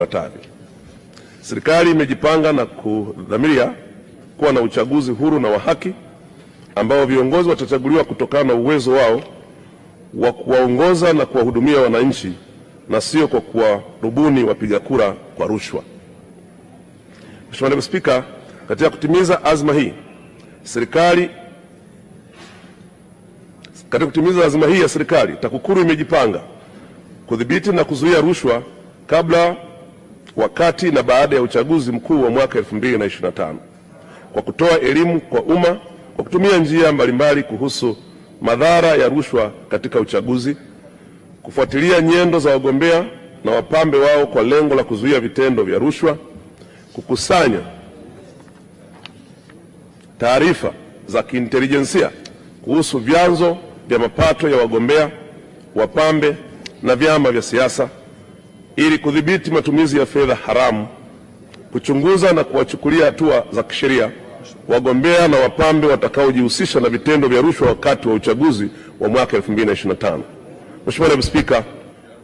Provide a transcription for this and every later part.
Ifuatavyo. Serikali imejipanga na kudhamiria kuwa na uchaguzi huru na wa haki ambao viongozi watachaguliwa kutokana na uwezo wao wa kuwaongoza na kuwahudumia wananchi na sio kwa kuwarubuni wapiga kura kwa rushwa. Mheshimiwa Naibu Spika, katika kutimiza azma hii serikali katika kutimiza azma hii ya serikali TAKUKURU imejipanga kudhibiti na kuzuia rushwa kabla wakati na baada ya uchaguzi mkuu wa mwaka 2025 kwa kutoa elimu kwa umma kwa kutumia njia mbalimbali kuhusu madhara ya rushwa katika uchaguzi, kufuatilia nyendo za wagombea na wapambe wao kwa lengo la kuzuia vitendo vya rushwa, kukusanya taarifa za kiintelijensia kuhusu vyanzo vya mapato ya wagombea, wapambe na vyama vya siasa ili kudhibiti matumizi ya fedha haramu, kuchunguza na kuwachukulia hatua za kisheria wagombea na wapambe watakaojihusisha na vitendo vya rushwa wakati wa uchaguzi wa mwaka 2025. Mheshimiwa Naibu Spika,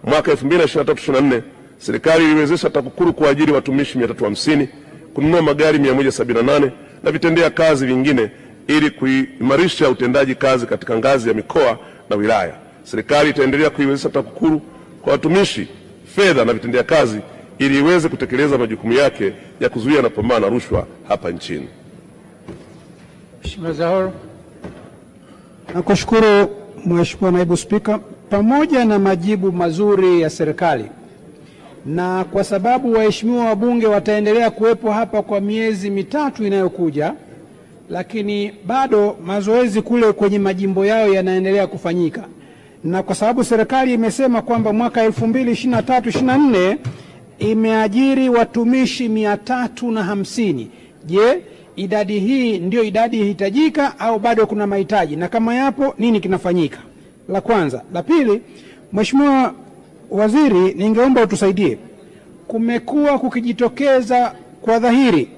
mwaka 2023/24 serikali iliwezesha TAKUKURU kuajiri watumishi 350, kununua magari 178 na vitendea kazi vingine ili kuimarisha utendaji kazi katika ngazi ya mikoa na wilaya. Serikali itaendelea kuiwezesha TAKUKURU kwa watumishi fedha na vitendea kazi ili iweze kutekeleza majukumu yake ya kuzuia na kupambana na rushwa hapa nchini. Mheshimiwa Zahor. Nakushukuru Mheshimiwa Naibu Spika, pamoja na majibu mazuri ya serikali na kwa sababu waheshimiwa wabunge wataendelea kuwepo hapa kwa miezi mitatu inayokuja, lakini bado mazoezi kule kwenye majimbo yao yanaendelea kufanyika na kwa sababu serikali imesema kwamba mwaka 2023 2024 imeajiri watumishi mia tatu na hamsini. Je, idadi hii ndiyo idadi hitajika au bado kuna mahitaji, na kama yapo nini kinafanyika? La kwanza. La pili, Mheshimiwa Waziri, ningeomba utusaidie. Kumekuwa kukijitokeza kwa dhahiri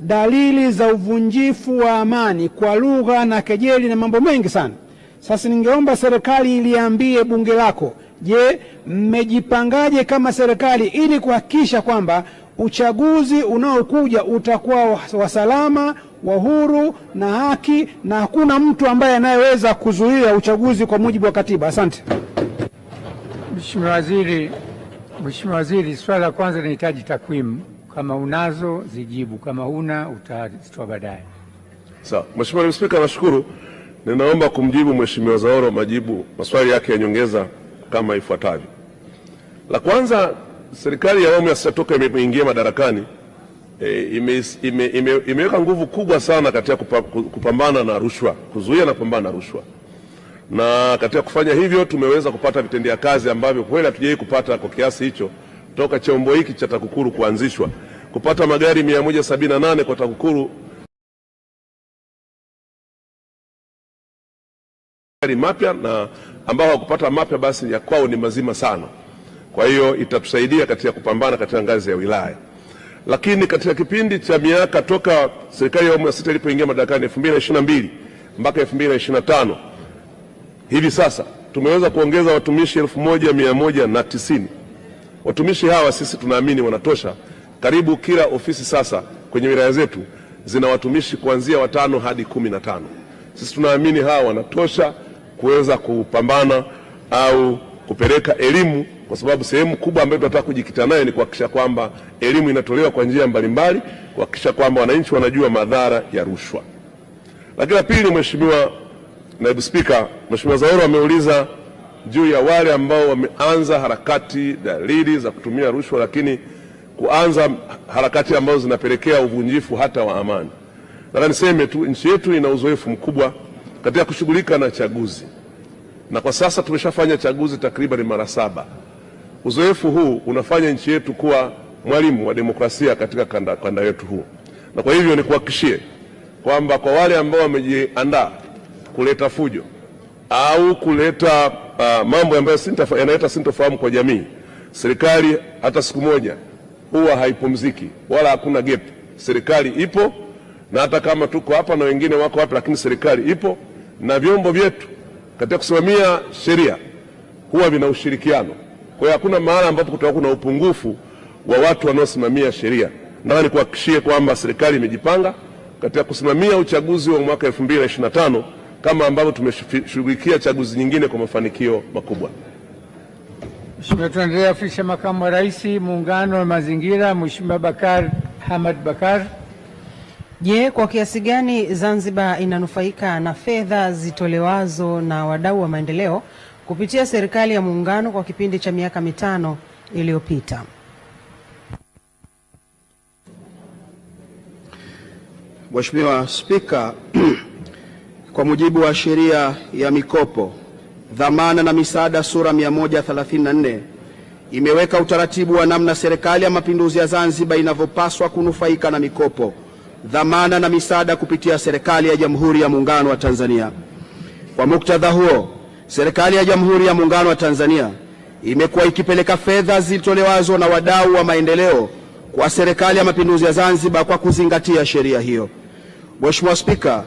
dalili za uvunjifu wa amani kwa lugha na kejeli na mambo mengi sana sasa ningeomba serikali iliambie bunge lako, je, mmejipangaje kama serikali ili kuhakikisha kwamba uchaguzi unaokuja utakuwa wa salama wa huru na haki na hakuna mtu ambaye anayeweza kuzuia uchaguzi kwa mujibu wa katiba. Asante Mheshimiwa Waziri. Mheshimiwa Waziri, swala la kwanza linahitaji takwimu, kama unazo zijibu, kama huna utazitoa baadaye. Sawa. So, Mheshimiwa Naibu Spika, nashukuru. Ninaomba kumjibu Mheshimiwa Zaoro majibu maswali yake ya nyongeza kama ifuatavyo. La kwanza, serikali ya awamu ya sita toka imeingia madarakani e, imeweka ime, ime, ime nguvu kubwa sana katika kupambana na rushwa, kuzuia na kupambana na rushwa, na katika kufanya hivyo tumeweza kupata vitendea kazi ambavyo kweli hatujawahi kupata kwa kiasi hicho toka chombo hiki cha TAKUKURU kuanzishwa, kupata magari 178 kwa TAKUKURU magari mapya na ambao hawakupata mapya basi ya kwao ni mazima sana. Kwa hiyo itatusaidia katika kupambana katika ngazi ya wilaya. Lakini katika kipindi cha miaka toka serikali ya awamu ya sita ilipoingia madarakani 2022 mpaka 2025 hivi sasa tumeweza kuongeza watumishi 1190. Watumishi hawa sisi tunaamini wanatosha. Karibu kila ofisi sasa kwenye wilaya zetu zina watumishi kuanzia watano hadi kumi na tano. Sisi tunaamini hawa wanatosha kuweza kupambana au kupeleka elimu, kwa sababu sehemu kubwa ambayo tunataka kujikita nayo ni kuhakikisha kwamba elimu inatolewa kwa njia mbalimbali, kuhakikisha kwamba wananchi wanajua madhara ya rushwa. Lakini la pili, Mheshimiwa Naibu Spika, Mheshimiwa Zaoro ameuliza juu ya wale ambao wameanza harakati dalili za kutumia rushwa, lakini kuanza harakati ambazo zinapelekea uvunjifu hata wa amani. Nataka niseme tu nchi yetu ina uzoefu mkubwa katika kushughulika na chaguzi na kwa sasa tumeshafanya chaguzi takriban mara saba. Uzoefu huu unafanya nchi yetu kuwa mwalimu wa demokrasia katika kanda, kanda yetu huu, na kwa hivyo nikuhakikishie kwamba kwa wale ambao wamejiandaa kuleta fujo au kuleta uh, mambo ambayo yanaleta sintofahamu kwa jamii, serikali hata siku moja huwa haipumziki wala hakuna gap. Serikali ipo na hata kama tuko hapa na wengine wako hapa, lakini serikali ipo na vyombo vyetu katika kusimamia sheria huwa vina ushirikiano. Kwa hiyo hakuna mahala ambapo kutakuwa kuna upungufu wa watu wanaosimamia sheria. Nataka nikuhakikishie kwamba serikali imejipanga katika kusimamia uchaguzi wa mwaka 2025 kama ambavyo tumeshughulikia chaguzi nyingine kwa mafanikio makubwa. Mheshimiwa, tunaendelea. Ofisi ya Makamu wa Rais, Muungano wa Mazingira, Mheshimiwa Bakar Hamad Bakar. Je, kwa kiasi gani Zanzibar inanufaika na fedha zitolewazo na wadau wa maendeleo kupitia serikali ya muungano kwa kipindi cha miaka mitano iliyopita? Mheshimiwa Spika, kwa mujibu wa sheria ya mikopo, dhamana na misaada sura 134 imeweka utaratibu wa namna serikali ya mapinduzi ya Zanzibar inavyopaswa kunufaika na mikopo dhamana na misaada kupitia serikali ya Jamhuri ya Muungano wa Tanzania. Kwa muktadha huo, serikali ya Jamhuri ya Muungano wa Tanzania imekuwa ikipeleka fedha zilitolewazo na wadau wa maendeleo kwa Serikali ya Mapinduzi ya Zanzibar kwa kuzingatia sheria hiyo. Mheshimiwa Spika,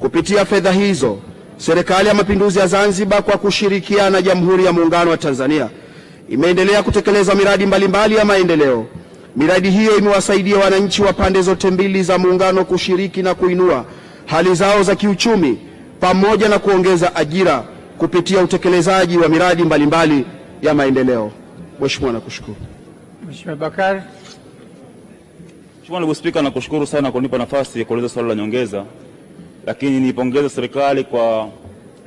kupitia fedha hizo, Serikali ya Mapinduzi ya Zanzibar kwa kushirikiana na Jamhuri ya Muungano wa Tanzania imeendelea kutekeleza miradi mbalimbali mbali ya maendeleo Miradi hiyo imewasaidia wananchi wa pande zote mbili za muungano kushiriki na kuinua hali zao za kiuchumi pamoja na kuongeza ajira kupitia utekelezaji wa miradi mbalimbali mbali ya maendeleo. Mheshimiwa, nakushukuru. Mheshimiwa Bakari. Mheshimiwa Naibu Spika, nakushukuru sana kunipa nafasi ya kueleza swali la nyongeza, lakini niipongeze serikali kwa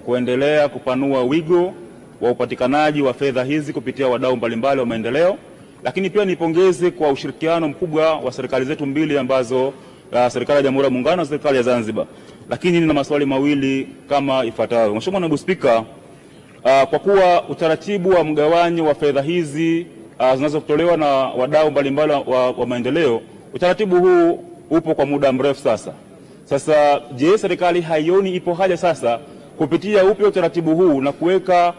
kuendelea kupanua wigo wa upatikanaji wa fedha hizi kupitia wadau mbalimbali wa maendeleo. Lakini pia nipongeze kwa ushirikiano mkubwa wa serikali zetu mbili ambazo uh, serikali ya Jamhuri ya Muungano na serikali ya Zanzibar. Lakini nina maswali mawili kama ifuatavyo. Mheshimiwa Naibu Spika, uh, kwa kuwa utaratibu wa mgawanyo wa fedha hizi uh, zinazotolewa na wadau mbalimbali wa, wa maendeleo, utaratibu huu upo kwa muda mrefu sasa. Sasa je, serikali haioni ipo haja sasa kupitia upya utaratibu huu na kuweka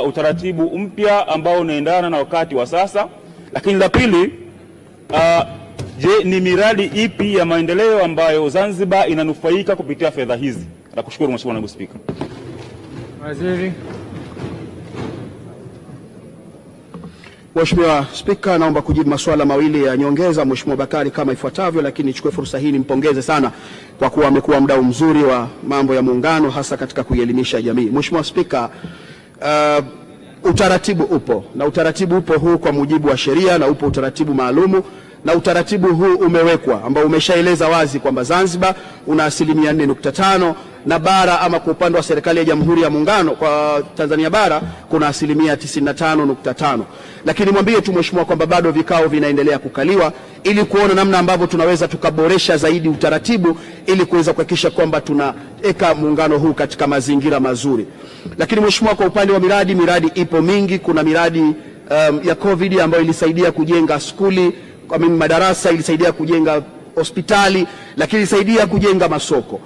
uh, utaratibu mpya ambao unaendana na wakati wa sasa lakini la pili, uh, je, ni miradi ipi ya maendeleo ambayo Zanzibar inanufaika kupitia fedha hizi? Nakushukuru Mheshimiwa Naibu Spika. Waziri. Mheshimiwa Spika, naomba kujibu masuala mawili ya nyongeza Mheshimiwa Bakari kama ifuatavyo, lakini nichukue fursa hii nimpongeze sana kwa kuwa amekuwa mdau mzuri wa mambo ya Muungano, hasa katika kuielimisha jamii. Mheshimiwa Spika, uh, Utaratibu upo na utaratibu upo huu kwa mujibu wa sheria, na upo utaratibu maalumu na utaratibu huu umewekwa ambao umeshaeleza wazi kwamba Zanzibar una asilimia 4.5 na bara ama kwa upande wa serikali ya Jamhuri ya Muungano kwa Tanzania bara kuna asilimia 95.5. Lakini mwambie tu mheshimiwa kwamba bado vikao vinaendelea kukaliwa ili kuona namna ambavyo tunaweza tukaboresha zaidi utaratibu ili kuweza kuhakikisha kwamba tunaweka muungano huu katika mazingira mazuri. Lakini mheshimiwa, kwa upande wa miradi, miradi ipo mingi. Kuna miradi um, ya COVID ambayo ilisaidia kujenga skuli, kwa mimi madarasa, ilisaidia kujenga hospitali, lakini ilisaidia kujenga masoko.